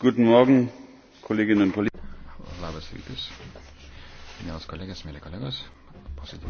Guten Morgen, Kolleginnen und Kollegen. Labas rytas. Mielas kolegės, mėly kolegos. Posėdė.